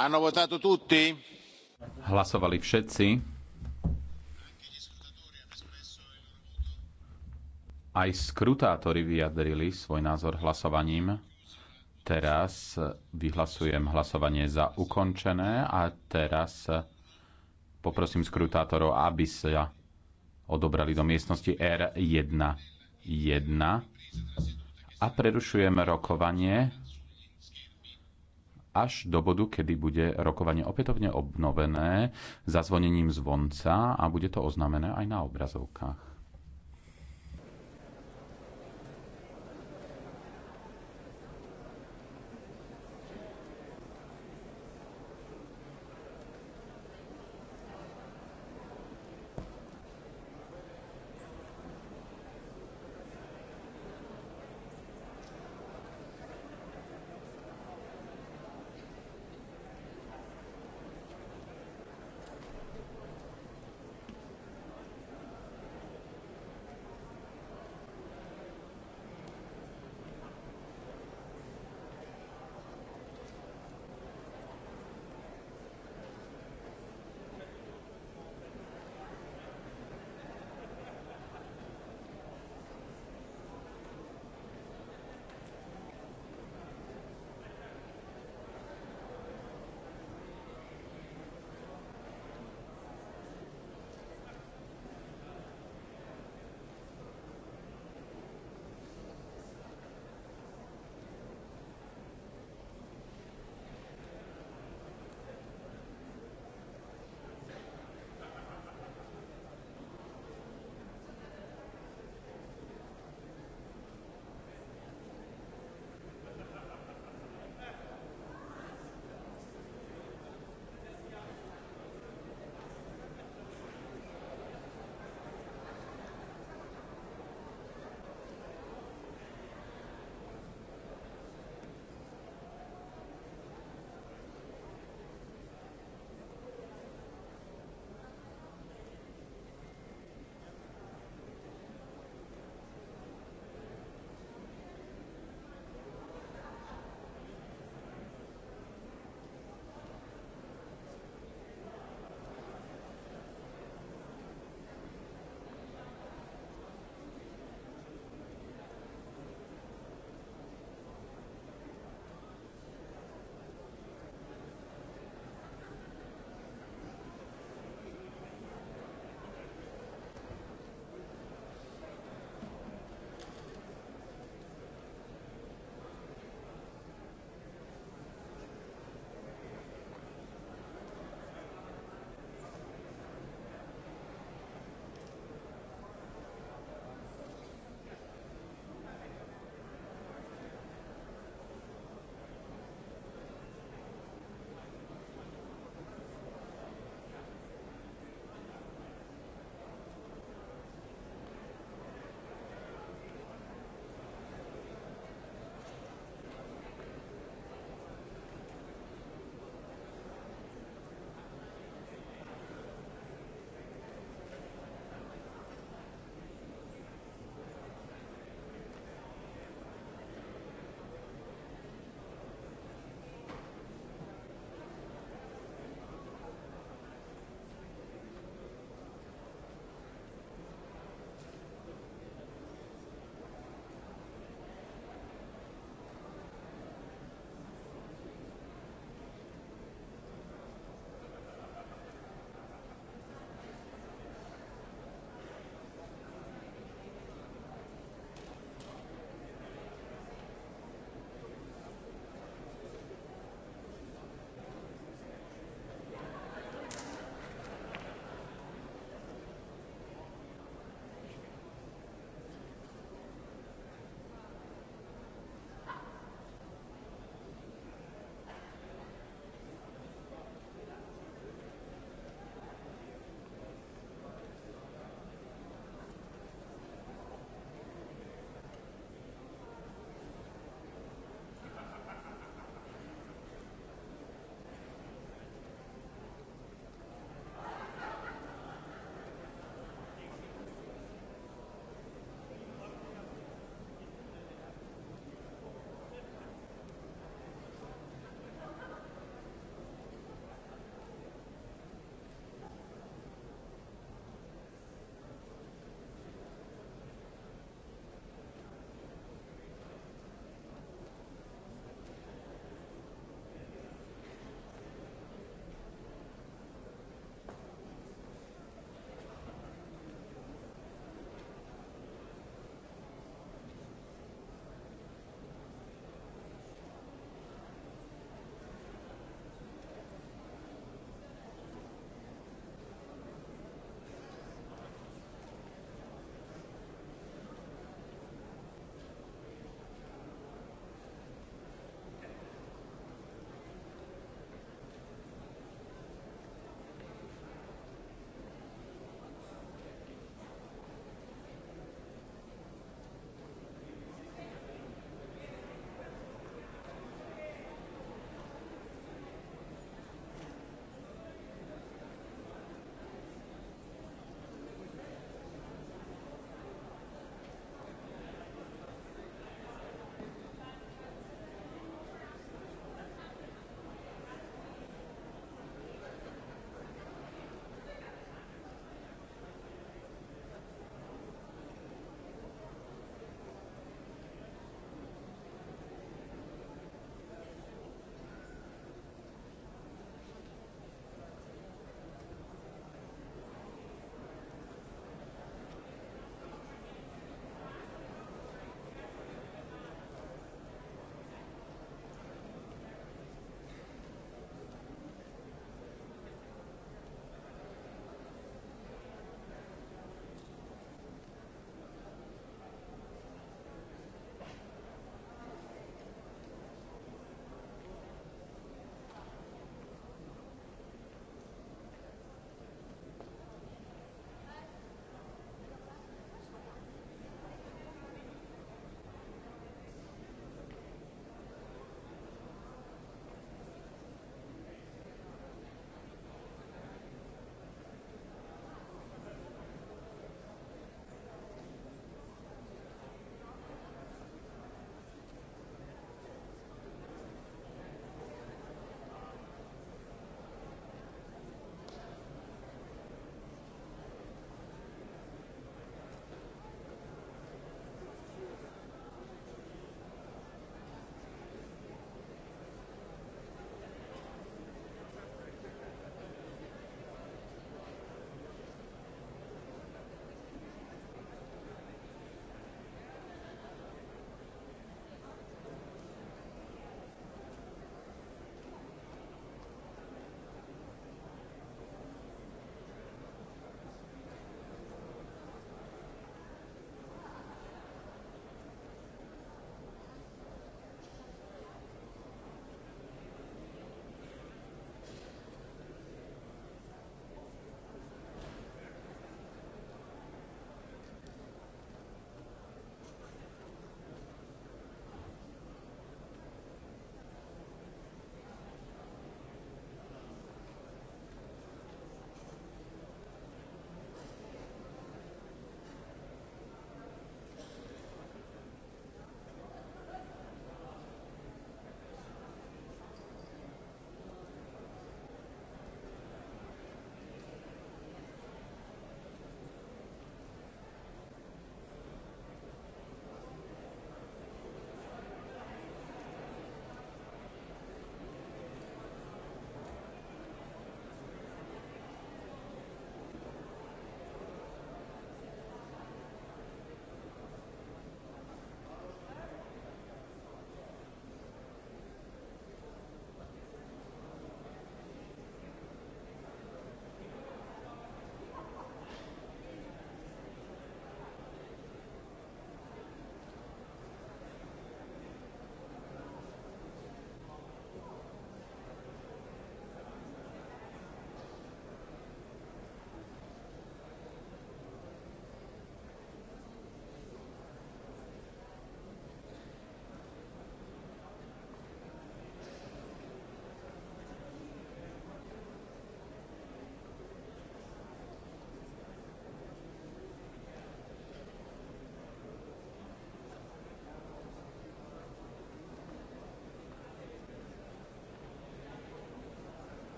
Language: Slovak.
Hanno votato tutti? Hlasovali všetci. Aj skrutátori vyjadrili svoj názor hlasovaním. Teraz vyhlasujem hlasovanie za ukončené a teraz poprosím skrutátorov, aby sa odobrali do miestnosti R1.1 a prerušujem rokovanie až do bodu, kedy bude rokovanie opätovne obnovené zazvonením zvonca a bude to oznámené aj na obrazovkách.